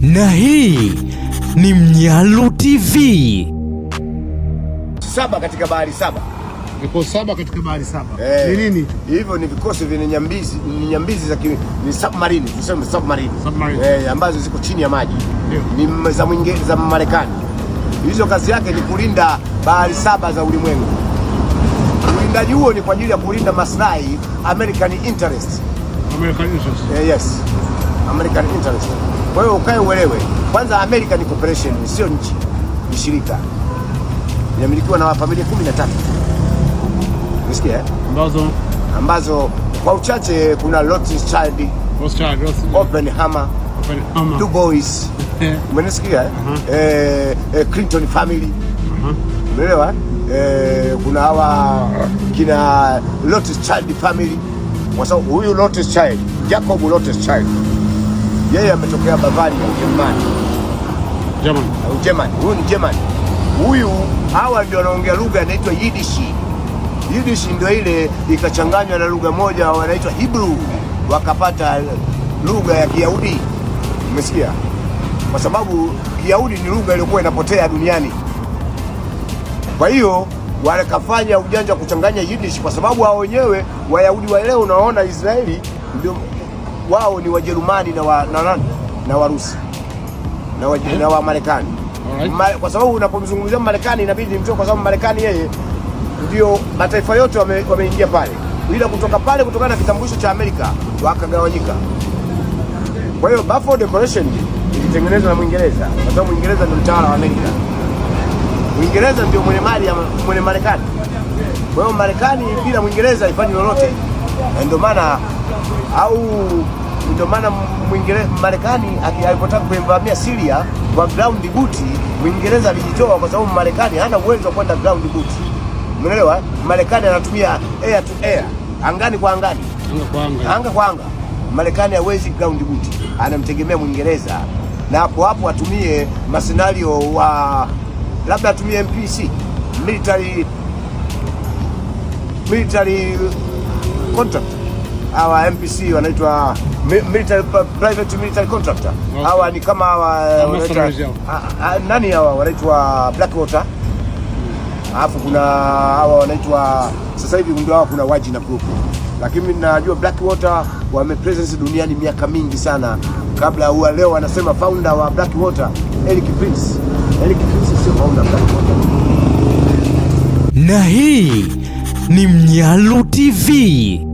Na hii ni Mnyalu TV. Saba katika bahari saba. Vikosi saba katika bahari saba. Eh, Ni nini? Hivyo ni vikosi vya nyambizi, ni nyambizi za ki, ni submarine, tuseme submarine. Submarine. Eh, ambazo ziko chini ya maji. Ndio. Ni za za Marekani. Hizo kazi yake ni kulinda bahari saba za ulimwengu. Ulindaji huo ni kwa ajili ya kulinda maslahi American interest. American interest. Eh, yes. American interest. Kwa hiyo ukae uelewe kwanza, America ni corporation, sio nchi, ni shirika inamilikiwa na familia kumi na tatu unasikia, eh? ambazo ambazo kwa uchache kuna Rothschild, Rothschild, Oppenheimer, Du Bois umenisikia, eh, Clinton family uh-huh. umeelewa, eh? eh, kuna hawa kina Rothschild family, kwa sababu huyu Rothschild, Jacob Rothschild yeye ametokea Bavaria Ujerumani, Ujerumani. Huyu ni Germani, huyu hawa ndio wanaongea lugha inaitwa Yidishi. Yidishi ndio ile ikachanganywa na lugha moja wanaitwa Hebrew, wakapata lugha ya Kiyahudi. Umesikia? Kwa sababu Kiyahudi ni lugha iliyokuwa inapotea duniani, kwa hiyo wakafanya ujanja wa kuchanganya Yidishi, kwa sababu hao wenyewe Wayahudi wa leo, unaona Israeli ndio wao ni Wajerumani na wa, na nani na Warusi na wa, na wa Marekani Ma, kwa sababu unapomzungumzia Marekani inabidi nimtoe, kwa sababu Marekani yeye ndio mataifa yote wameingia wame pale, ila kutoka pale kutokana na kitambulisho cha Amerika wakagawanyika. Kwa hiyo Balfour Declaration ilitengenezwa na Mwingereza kwa sababu Mwingereza ndio mtawala wa Amerika. Mwingereza ndio mwenye mali ya mwenye Marekani. Kwa hiyo Marekani bila Mwingereza haifanyi lolote, na ndio maana au ndio maana Marekani alipotaka kuivamia Syria kwa ground buti, mwingereza alijitoa kwa sababu Marekani hana uwezo wa kwenda ground boot. Umeelewa? Marekani anatumia air to air, angani kwa angani, anga kwa anga, anga kwa anga. Marekani hawezi ground boot. anamtegemea Mwingereza, na hapo hapo atumie masinario wa labda atumie MPC military military contract hawa MPC wanaitwa military private military contractor. Hawa ni kama hawa uh, wanaitwa ah, ah, nani hawa wanaitwa Blackwater. Alafu kuna hawa wanaitwa sasa hivi ndio hawa kuna waji na group. Lakini najua Blackwater wame presence duniani miaka mingi sana kabla huwa leo wanasema founder wa Blackwater Eric Prince. Eric Prince sio founder wa Blackwater. Na hii ni Mnyalu TV.